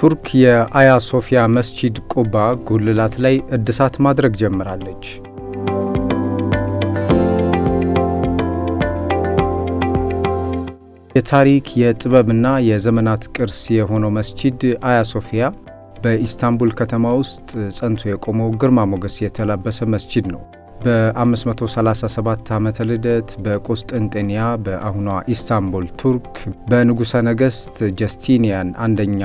ቱርክ የአያ ሶፊያ መስጂድ ቁባ ጉልላት ላይ እድሳት ማድረግ ጀምራለች። የታሪክ የጥበብና የዘመናት ቅርስ የሆነው መስጂድ አያ ሶፊያ በኢስታንቡል ከተማ ውስጥ ጸንቶ የቆመው ግርማ ሞገስ የተላበሰ መስጂድ ነው። በ537 ዓመተ ልደት በቁስጥንጥንያ በአሁኗ ኢስታንቡል ቱርክ በንጉሠ ነገሥት ጀስቲኒያን አንደኛ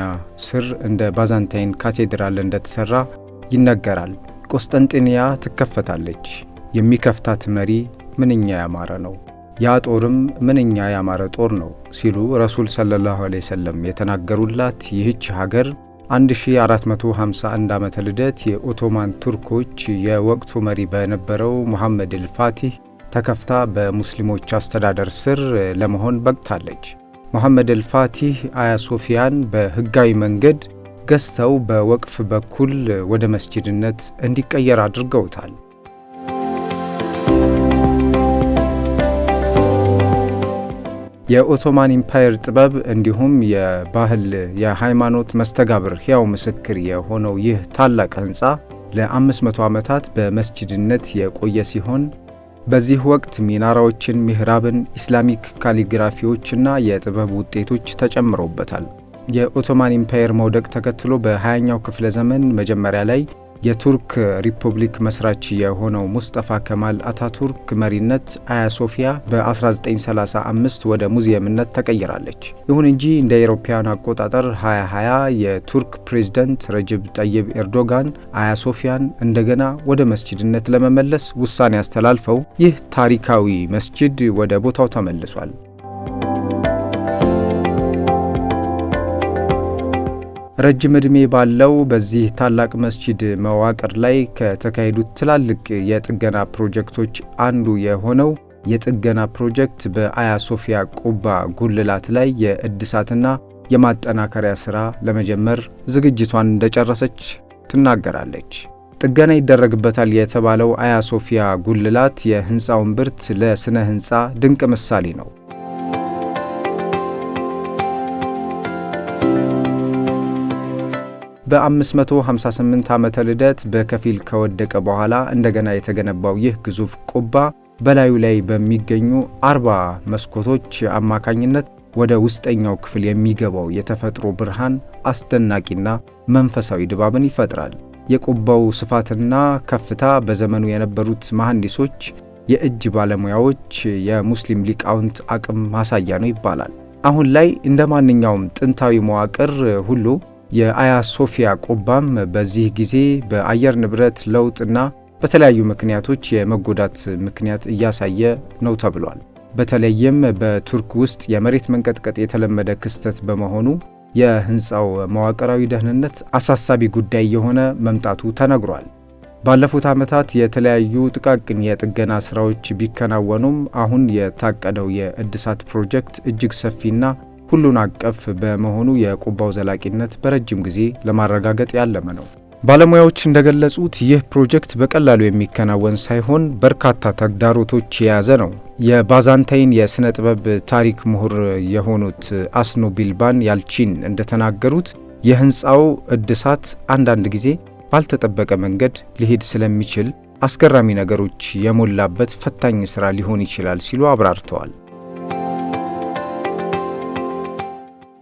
ስር እንደ ባዛንታይን ካቴድራል እንደተሠራ ይነገራል። ቆስጠንጤንያ ትከፈታለች። የሚከፍታት መሪ ምንኛ ያማረ ነው፣ ያ ጦርም ምንኛ ያማረ ጦር ነው ሲሉ ረሱል ሰለላሁ ዐለይሂ ወሰለም የተናገሩላት ይህች ሀገር 1451 ዓመተ ልደት የኦቶማን ቱርኮች የወቅቱ መሪ በነበረው ሙሐመድ አልፋቲህ ተከፍታ በሙስሊሞች አስተዳደር ስር ለመሆን በቅታለች። ሙሐመድ አልፋቲህ አያ ሶፊያን በህጋዊ መንገድ ገዝተው በወቅፍ በኩል ወደ መስጂድነት እንዲቀየር አድርገውታል። የኦቶማን ኢምፓየር ጥበብ እንዲሁም የባህል የሃይማኖት መስተጋብር ሕያው ምስክር የሆነው ይህ ታላቅ ሕንፃ ለ500 ዓመታት በመስጅድነት የቆየ ሲሆን በዚህ ወቅት ሚናራዎችን፣ ምህራብን ኢስላሚክ ካሊግራፊዎችና የጥበብ ውጤቶች ተጨምረውበታል። የኦቶማን ኢምፓየር መውደቅ ተከትሎ በ20ኛው ክፍለ ዘመን መጀመሪያ ላይ የቱርክ ሪፐብሊክ መስራች የሆነው ሙስጠፋ ከማል አታቱርክ መሪነት አያ ሶፊያ በ1935 ወደ ሙዚየምነት ተቀይራለች። ይሁን እንጂ እንደ አውሮፓውያን አቆጣጠር 2020 የቱርክ ፕሬዝደንት ረጅብ ጠይብ ኤርዶጋን አያ ሶፊያን እንደገና ወደ መስጅድነት ለመመለስ ውሳኔ አስተላልፈው ይህ ታሪካዊ መስጅድ ወደ ቦታው ተመልሷል። ረጅም ዕድሜ ባለው በዚህ ታላቅ መስጂድ መዋቅር ላይ ከተካሄዱት ትላልቅ የጥገና ፕሮጀክቶች አንዱ የሆነው የጥገና ፕሮጀክት በአያ ሶፊያ ቁባ ጉልላት ላይ የእድሳትና የማጠናከሪያ ሥራ ለመጀመር ዝግጅቷን እንደጨረሰች ትናገራለች። ጥገና ይደረግበታል የተባለው አያ ሶፊያ ጉልላት የሕንፃውን ብርት ለሥነ ሕንፃ ድንቅ ምሳሌ ነው። በ558 ዓመተ ልደት በከፊል ከወደቀ በኋላ እንደገና የተገነባው ይህ ግዙፍ ቁባ በላዩ ላይ በሚገኙ 40 መስኮቶች አማካኝነት ወደ ውስጠኛው ክፍል የሚገባው የተፈጥሮ ብርሃን አስደናቂና መንፈሳዊ ድባብን ይፈጥራል። የቁባው ስፋትና ከፍታ በዘመኑ የነበሩት መሐንዲሶች፣ የእጅ ባለሙያዎች፣ የሙስሊም ሊቃውንት አቅም ማሳያ ነው ይባላል። አሁን ላይ እንደ ማንኛውም ጥንታዊ መዋቅር ሁሉ የአያ ሶፊያ ቆባም በዚህ ጊዜ በአየር ንብረት ለውጥና በተለያዩ ምክንያቶች የመጎዳት ምክንያት እያሳየ ነው ተብሏል። በተለይም በቱርክ ውስጥ የመሬት መንቀጥቀጥ የተለመደ ክስተት በመሆኑ የህንፃው መዋቅራዊ ደህንነት አሳሳቢ ጉዳይ የሆነ መምጣቱ ተነግሯል። ባለፉት ዓመታት የተለያዩ ጥቃቅን የጥገና ስራዎች ቢከናወኑም አሁን የታቀደው የእድሳት ፕሮጀክት እጅግ ሰፊና ሁሉን አቀፍ በመሆኑ የቁባው ዘላቂነት በረጅም ጊዜ ለማረጋገጥ ያለመ ነው። ባለሙያዎች እንደገለጹት ይህ ፕሮጀክት በቀላሉ የሚከናወን ሳይሆን በርካታ ተግዳሮቶች የያዘ ነው። የባዛንታይን የሥነ ጥበብ ታሪክ ምሁር የሆኑት አስኖ ቢልባን ያልቺን እንደተናገሩት የህንፃው እድሳት አንዳንድ ጊዜ ባልተጠበቀ መንገድ ሊሄድ ስለሚችል አስገራሚ ነገሮች የሞላበት ፈታኝ ሥራ ሊሆን ይችላል ሲሉ አብራርተዋል።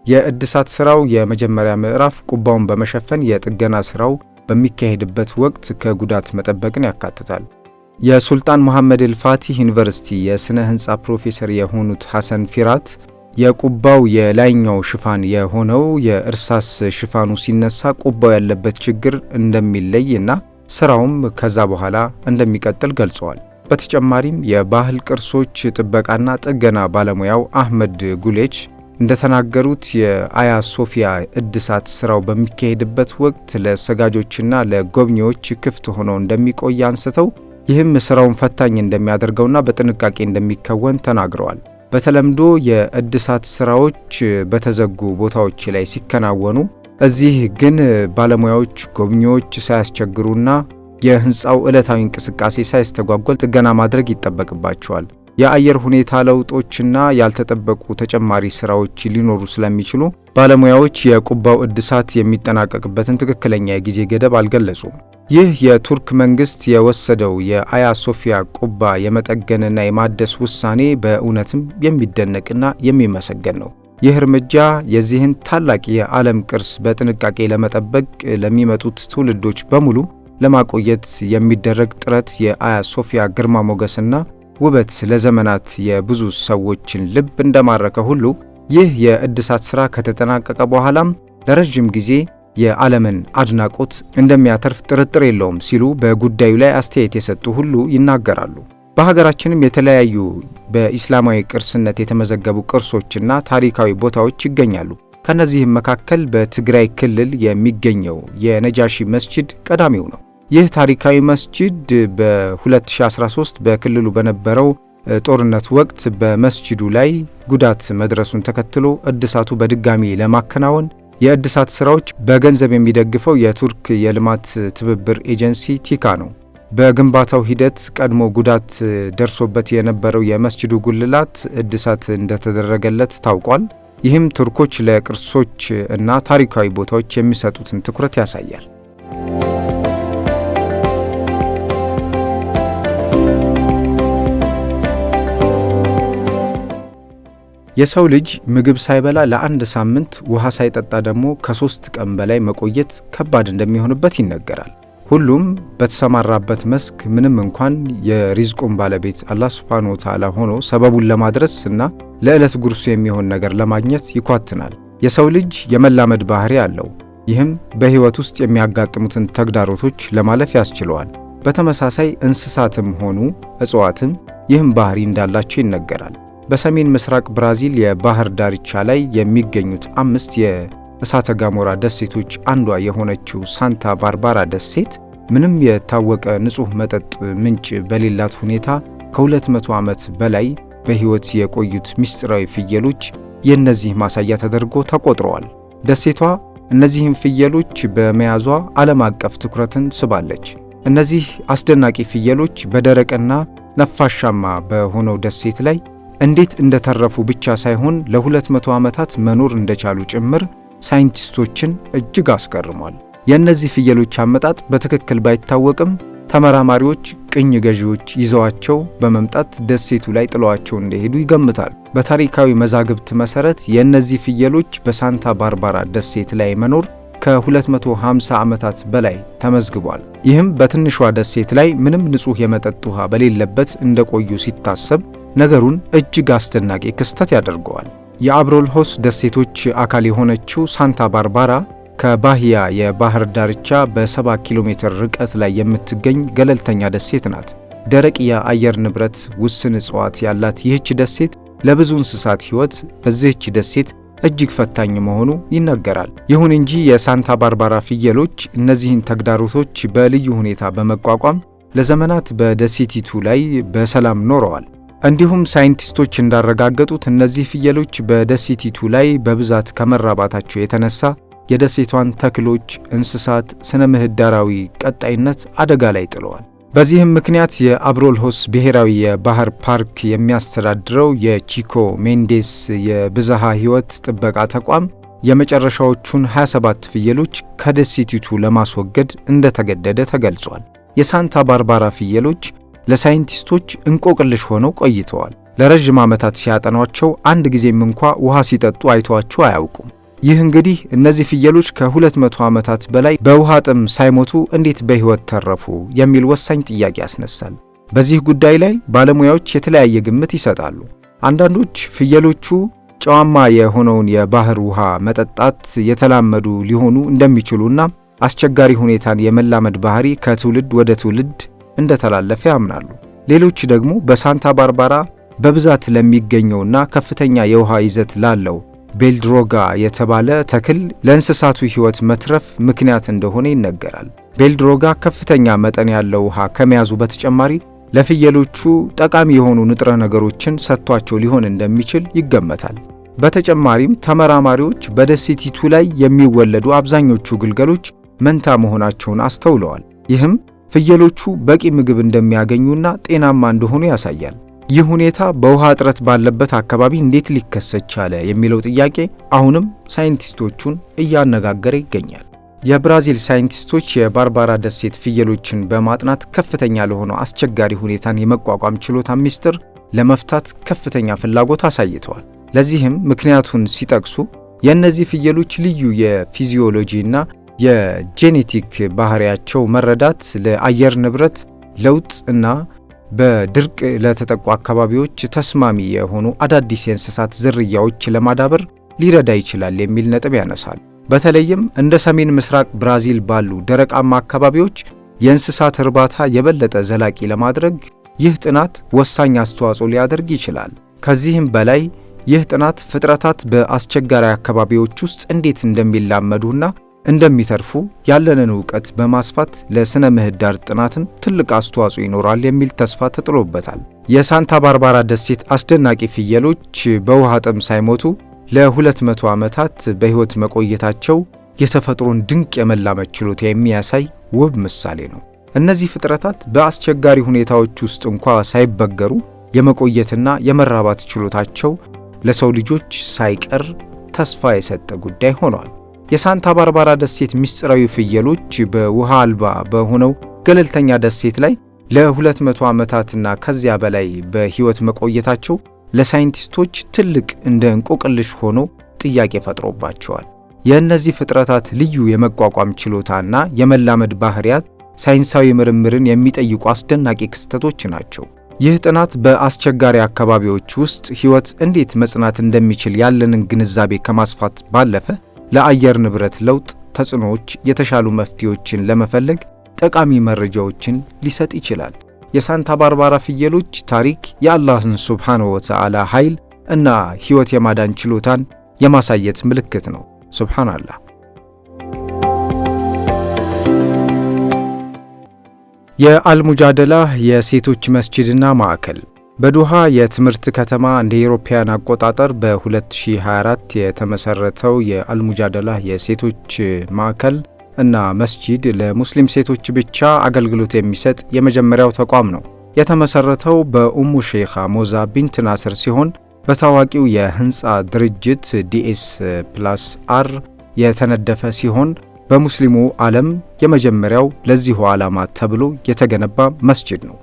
የእድሳት ስራው የመጀመሪያ ምዕራፍ ቁባውን በመሸፈን የጥገና ስራው በሚካሄድበት ወቅት ከጉዳት መጠበቅን ያካትታል። የሱልጣን መሐመድ ኤልፋቲህ ዩኒቨርሲቲ የሥነ ሕንፃ ፕሮፌሰር የሆኑት ሐሰን ፊራት የቁባው የላይኛው ሽፋን የሆነው የእርሳስ ሽፋኑ ሲነሳ ቁባው ያለበት ችግር እንደሚለይ እና ስራውም ከዛ በኋላ እንደሚቀጥል ገልጸዋል። በተጨማሪም የባህል ቅርሶች ጥበቃና ጥገና ባለሙያው አህመድ ጉሌች እንደተናገሩት የአያ ሶፊያ እድሳት ስራው በሚካሄድበት ወቅት ለሰጋጆችና ለጎብኚዎች ክፍት ሆኖ እንደሚቆይ አንስተው ይህም ስራውን ፈታኝ እንደሚያደርገውና በጥንቃቄ እንደሚከወን ተናግረዋል። በተለምዶ የእድሳት ስራዎች በተዘጉ ቦታዎች ላይ ሲከናወኑ፣ እዚህ ግን ባለሙያዎች ጎብኚዎች ሳያስቸግሩና የህንፃው ዕለታዊ እንቅስቃሴ ሳይስተጓጎል ጥገና ማድረግ ይጠበቅባቸዋል። የአየር ሁኔታ ለውጦችና ያልተጠበቁ ተጨማሪ ስራዎች ሊኖሩ ስለሚችሉ ባለሙያዎች የቁባው እድሳት የሚጠናቀቅበትን ትክክለኛ የጊዜ ገደብ አልገለጹም። ይህ የቱርክ መንግስት የወሰደው የአያ ሶፊያ ቁባ የመጠገንና የማደስ ውሳኔ በእውነትም የሚደነቅና የሚመሰገን ነው። ይህ እርምጃ የዚህን ታላቅ የዓለም ቅርስ በጥንቃቄ ለመጠበቅ ለሚመጡት ትውልዶች በሙሉ ለማቆየት የሚደረግ ጥረት የአያ ሶፊያ ግርማ ሞገስና ውበት ለዘመናት የብዙ ሰዎችን ልብ እንደማረከ ሁሉ ይህ የእድሳት ሥራ ከተጠናቀቀ በኋላም ለረዥም ጊዜ የዓለምን አድናቆት እንደሚያተርፍ ጥርጥር የለውም ሲሉ በጉዳዩ ላይ አስተያየት የሰጡ ሁሉ ይናገራሉ። በሀገራችንም የተለያዩ በኢስላማዊ ቅርስነት የተመዘገቡ ቅርሶችና ታሪካዊ ቦታዎች ይገኛሉ። ከእነዚህም መካከል በትግራይ ክልል የሚገኘው የነጃሺ መስጂድ ቀዳሚው ነው። ይህ ታሪካዊ መስጂድ በ2013 በክልሉ በነበረው ጦርነት ወቅት በመስጂዱ ላይ ጉዳት መድረሱን ተከትሎ እድሳቱ በድጋሚ ለማከናወን የእድሳት ስራዎች በገንዘብ የሚደግፈው የቱርክ የልማት ትብብር ኤጀንሲ ቲካ ነው። በግንባታው ሂደት ቀድሞ ጉዳት ደርሶበት የነበረው የመስጂዱ ጉልላት እድሳት እንደተደረገለት ታውቋል። ይህም ቱርኮች ለቅርሶች እና ታሪካዊ ቦታዎች የሚሰጡትን ትኩረት ያሳያል። የሰው ልጅ ምግብ ሳይበላ ለአንድ ሳምንት ውሃ ሳይጠጣ ደግሞ ከሶስት ቀን በላይ መቆየት ከባድ እንደሚሆንበት ይነገራል። ሁሉም በተሰማራበት መስክ ምንም እንኳን የሪዝቁን ባለቤት አላህ ሱብሓነሁ ወተዓላ ሆኖ ሰበቡን ለማድረስ እና ለዕለት ጉርሱ የሚሆን ነገር ለማግኘት ይኳትናል። የሰው ልጅ የመላመድ ባህሪ አለው። ይህም በሕይወት ውስጥ የሚያጋጥሙትን ተግዳሮቶች ለማለፍ ያስችለዋል። በተመሳሳይ እንስሳትም ሆኑ እጽዋትም ይህም ባህሪ እንዳላቸው ይነገራል። በሰሜን ምስራቅ ብራዚል የባህር ዳርቻ ላይ የሚገኙት አምስት የእሳተ ጋሞራ ደሴቶች አንዷ የሆነችው ሳንታ ባርባራ ደሴት ምንም የታወቀ ንጹሕ መጠጥ ምንጭ በሌላት ሁኔታ ከ200 ዓመት በላይ በሕይወት የቆዩት ምስጢራዊ ፍየሎች የእነዚህ ማሳያ ተደርጎ ተቆጥረዋል። ደሴቷ እነዚህም ፍየሎች በመያዟ ዓለም አቀፍ ትኩረትን ስባለች። እነዚህ አስደናቂ ፍየሎች በደረቅና ነፋሻማ በሆነው ደሴት ላይ እንዴት እንደተረፉ ብቻ ሳይሆን ለ200 ዓመታት መኖር እንደቻሉ ጭምር ሳይንቲስቶችን እጅግ አስገርሟል። የእነዚህ ፍየሎች አመጣጥ በትክክል ባይታወቅም ተመራማሪዎች ቅኝ ገዢዎች ይዘዋቸው በመምጣት ደሴቱ ላይ ጥለዋቸው እንደሄዱ ይገምታል። በታሪካዊ መዛግብት መሰረት የእነዚህ ፍየሎች በሳንታ ባርባራ ደሴት ላይ መኖር ከ250 ዓመታት በላይ ተመዝግቧል። ይህም በትንሿ ደሴት ላይ ምንም ንጹሕ የመጠጥ ውሃ በሌለበት እንደቆዩ ሲታሰብ ነገሩን እጅግ አስደናቂ ክስተት ያደርገዋል። የአብሮልሆስ ደሴቶች አካል የሆነችው ሳንታ ባርባራ ከባህያ የባህር ዳርቻ በ70 ኪሎ ሜትር ርቀት ላይ የምትገኝ ገለልተኛ ደሴት ናት። ደረቅ የአየር ንብረት፣ ውስን እጽዋት ያላት ይህች ደሴት ለብዙ እንስሳት ሕይወት በዚህች ደሴት እጅግ ፈታኝ መሆኑ ይነገራል። ይሁን እንጂ የሳንታ ባርባራ ፍየሎች እነዚህን ተግዳሮቶች በልዩ ሁኔታ በመቋቋም ለዘመናት በደሴቲቱ ላይ በሰላም ኖረዋል። እንዲሁም ሳይንቲስቶች እንዳረጋገጡት እነዚህ ፍየሎች በደሴቲቱ ላይ በብዛት ከመራባታቸው የተነሳ የደሴቷን ተክሎች፣ እንስሳት ስነ ምህዳራዊ ቀጣይነት አደጋ ላይ ጥለዋል። በዚህም ምክንያት የአብሮልሆስ ብሔራዊ የባህር ፓርክ የሚያስተዳድረው የቺኮ ሜንዴስ የብዝሃ ሕይወት ጥበቃ ተቋም የመጨረሻዎቹን 27 ፍየሎች ከደሴቲቱ ለማስወገድ እንደተገደደ ተገልጿል። የሳንታ ባርባራ ፍየሎች ለሳይንቲስቶች እንቆቅልሽ ሆነው ቆይተዋል። ለረዥም ዓመታት ሲያጠኗቸው አንድ ጊዜም እንኳ ውሃ ሲጠጡ አይተዋቸው አያውቁም። ይህ እንግዲህ እነዚህ ፍየሎች ከ200 ዓመታት በላይ በውሃ ጥም ሳይሞቱ እንዴት በሕይወት ተረፉ የሚል ወሳኝ ጥያቄ ያስነሳል። በዚህ ጉዳይ ላይ ባለሙያዎች የተለያየ ግምት ይሰጣሉ። አንዳንዶች ፍየሎቹ ጨዋማ የሆነውን የባህር ውሃ መጠጣት የተላመዱ ሊሆኑ እንደሚችሉና አስቸጋሪ ሁኔታን የመላመድ ባህሪ ከትውልድ ወደ ትውልድ እንደተላለፈ ያምናሉ። ሌሎች ደግሞ በሳንታ ባርባራ በብዛት ለሚገኘውና ከፍተኛ የውሃ ይዘት ላለው ቤልድሮጋ የተባለ ተክል ለእንስሳቱ ሕይወት መትረፍ ምክንያት እንደሆነ ይነገራል። ቤልድሮጋ ከፍተኛ መጠን ያለው ውሃ ከመያዙ በተጨማሪ ለፍየሎቹ ጠቃሚ የሆኑ ንጥረ ነገሮችን ሰጥቷቸው ሊሆን እንደሚችል ይገመታል። በተጨማሪም ተመራማሪዎች በደሴቲቱ ላይ የሚወለዱ አብዛኞቹ ግልገሎች መንታ መሆናቸውን አስተውለዋል። ይህም ፍየሎቹ በቂ ምግብ እንደሚያገኙና ጤናማ እንደሆኑ ያሳያል። ይህ ሁኔታ በውሃ እጥረት ባለበት አካባቢ እንዴት ሊከሰት ቻለ የሚለው ጥያቄ አሁንም ሳይንቲስቶቹን እያነጋገረ ይገኛል። የብራዚል ሳይንቲስቶች የባርባራ ደሴት ፍየሎችን በማጥናት ከፍተኛ ለሆነው አስቸጋሪ ሁኔታን የመቋቋም ችሎታ ሚስጥር ለመፍታት ከፍተኛ ፍላጎት አሳይተዋል። ለዚህም ምክንያቱን ሲጠቅሱ የእነዚህ ፍየሎች ልዩ የፊዚዮሎጂ እና የጄኔቲክ ባህሪያቸው መረዳት ለአየር ንብረት ለውጥ እና በድርቅ ለተጠቁ አካባቢዎች ተስማሚ የሆኑ አዳዲስ የእንስሳት ዝርያዎች ለማዳበር ሊረዳ ይችላል የሚል ነጥብ ያነሳል። በተለይም እንደ ሰሜን ምስራቅ ብራዚል ባሉ ደረቃማ አካባቢዎች የእንስሳት እርባታ የበለጠ ዘላቂ ለማድረግ ይህ ጥናት ወሳኝ አስተዋጽኦ ሊያደርግ ይችላል። ከዚህም በላይ ይህ ጥናት ፍጥረታት በአስቸጋሪ አካባቢዎች ውስጥ እንዴት እንደሚላመዱና እንደሚተርፉ ያለንን እውቀት በማስፋት ለሥነ ምህዳር ጥናትም ትልቅ አስተዋጽኦ ይኖራል የሚል ተስፋ ተጥሎበታል። የሳንታ ባርባራ ደሴት አስደናቂ ፍየሎች በውሃ ጥም ሳይሞቱ ለ200 ዓመታት በሕይወት መቆየታቸው የተፈጥሮን ድንቅ የመላመድ ችሎታ የሚያሳይ ውብ ምሳሌ ነው። እነዚህ ፍጥረታት በአስቸጋሪ ሁኔታዎች ውስጥ እንኳ ሳይበገሩ የመቆየትና የመራባት ችሎታቸው ለሰው ልጆች ሳይቀር ተስፋ የሰጠ ጉዳይ ሆኗል። የሳንታ ባርባራ ደሴት ምስጢራዊ ፍየሎች በውሃ አልባ በሆነው ገለልተኛ ደሴት ላይ ለ200 ዓመታትና ከዚያ በላይ በሕይወት መቆየታቸው ለሳይንቲስቶች ትልቅ እንደ እንቆቅልሽ ሆኖ ጥያቄ ፈጥሮባቸዋል። የእነዚህ ፍጥረታት ልዩ የመቋቋም ችሎታና የመላመድ ባህሪያት ሳይንሳዊ ምርምርን የሚጠይቁ አስደናቂ ክስተቶች ናቸው። ይህ ጥናት በአስቸጋሪ አካባቢዎች ውስጥ ሕይወት እንዴት መጽናት እንደሚችል ያለንን ግንዛቤ ከማስፋት ባለፈ ለአየር ንብረት ለውጥ ተጽዕኖዎች የተሻሉ መፍትሄዎችን ለመፈለግ ጠቃሚ መረጃዎችን ሊሰጥ ይችላል። የሳንታ ባርባራ ፍየሎች ታሪክ የአላህን ሱብሓነሁ ወተዓላ ኃይል እና ሕይወት የማዳን ችሎታን የማሳየት ምልክት ነው። ሱብሓናላህ። የአልሙጃደላ የሴቶች መስጂድና ማዕከል በዱሃ የትምህርት ከተማ እንደ አውሮፓውያን አቆጣጠር በ2024 የተመሰረተው የአልሙጃደላ የሴቶች ማዕከል እና መስጂድ ለሙስሊም ሴቶች ብቻ አገልግሎት የሚሰጥ የመጀመሪያው ተቋም ነው። የተመሰረተው በኡሙ ሼኻ ሞዛ ቢንት ናስር ሲሆን በታዋቂው የህንፃ ድርጅት ዲኤስ ፕላስ አር የተነደፈ ሲሆን በሙስሊሙ ዓለም የመጀመሪያው ለዚሁ ዓላማ ተብሎ የተገነባ መስጂድ ነው።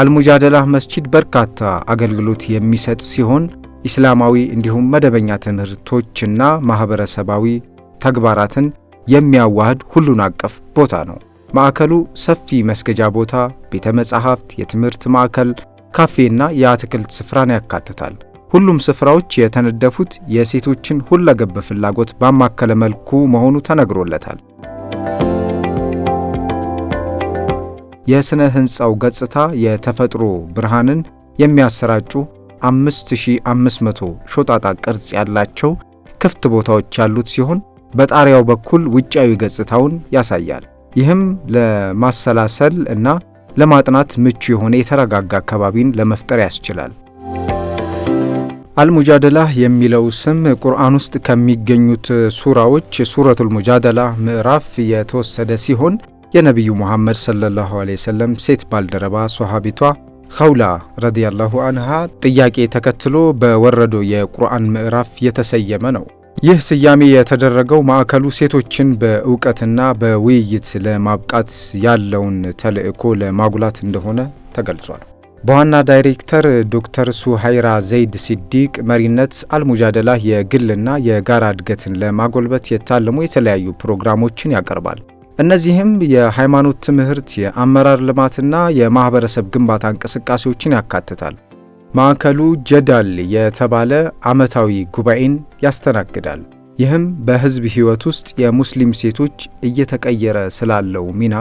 አልሙጃደላ መስጂድ በርካታ አገልግሎት የሚሰጥ ሲሆን ኢስላማዊ እንዲሁም መደበኛ ትምህርቶችና ማኅበረሰባዊ ተግባራትን የሚያዋህድ ሁሉን አቀፍ ቦታ ነው። ማዕከሉ ሰፊ መስገጃ ቦታ፣ ቤተ መጻሕፍት፣ የትምህርት ማዕከል፣ ካፌና የአትክልት ስፍራን ያካትታል። ሁሉም ስፍራዎች የተነደፉት የሴቶችን ሁለገብ ፍላጎት ባማከለ መልኩ መሆኑ ተነግሮለታል። የሥነ ሕንፃው ገጽታ የተፈጥሮ ብርሃንን የሚያሰራጩ 5500 ሾጣጣ ቅርጽ ያላቸው ክፍት ቦታዎች ያሉት ሲሆን በጣሪያው በኩል ውጫዊ ገጽታውን ያሳያል። ይህም ለማሰላሰል እና ለማጥናት ምቹ የሆነ የተረጋጋ አካባቢን ለመፍጠር ያስችላል። አልሙጃደላ የሚለው ስም ቁርአን ውስጥ ከሚገኙት ሱራዎች ሱረቱል ሙጃደላ ምዕራፍ የተወሰደ ሲሆን የነቢዩ ሙሐመድ ሰለላሁ ዐለይሂ ወሰለም ሴት ባልደረባ ሶሃቢቷ ኸውላ ረዲያላሁ አንሃ ጥያቄ ተከትሎ በወረዶ የቁርአን ምዕራፍ የተሰየመ ነው። ይህ ስያሜ የተደረገው ማዕከሉ ሴቶችን በእውቀትና በውይይት ለማብቃት ያለውን ተልዕኮ ለማጉላት እንደሆነ ተገልጿል። በዋና ዳይሬክተር ዶክተር ሱሃይራ ዘይድ ሲዲቅ መሪነት አልሙጃደላ የግልና የጋራ እድገትን ለማጎልበት የታለሙ የተለያዩ ፕሮግራሞችን ያቀርባል። እነዚህም የሃይማኖት ትምህርት፣ የአመራር ልማትና የማህበረሰብ ግንባታ እንቅስቃሴዎችን ያካትታል። ማዕከሉ ጀዳል የተባለ ዓመታዊ ጉባኤን ያስተናግዳል። ይህም በሕዝብ ሕይወት ውስጥ የሙስሊም ሴቶች እየተቀየረ ስላለው ሚና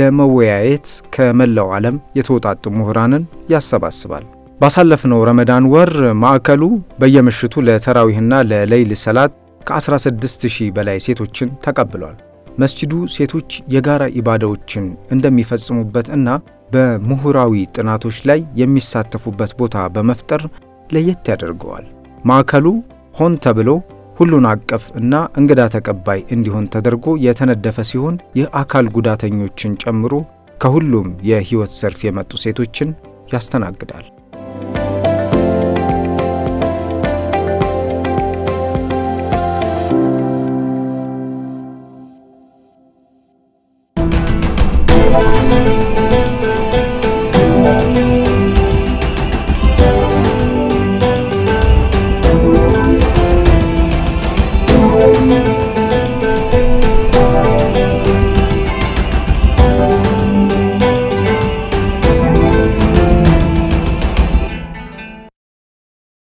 ለመወያየት ከመላው ዓለም የተውጣጡ ምሁራንን ያሰባስባል። ባሳለፍነው ረመዳን ወር ማዕከሉ በየምሽቱ ለተራዊህና ለሌይል ሰላት ከ16 በላይ ሴቶችን ተቀብሏል። መስጂዱ ሴቶች የጋራ ኢባዳዎችን እንደሚፈጽሙበት እና በምሁራዊ ጥናቶች ላይ የሚሳተፉበት ቦታ በመፍጠር ለየት ያደርገዋል። ማዕከሉ ሆን ተብሎ ሁሉን አቀፍ እና እንግዳ ተቀባይ እንዲሆን ተደርጎ የተነደፈ ሲሆን የአካል ጉዳተኞችን ጨምሮ ከሁሉም የሕይወት ዘርፍ የመጡ ሴቶችን ያስተናግዳል።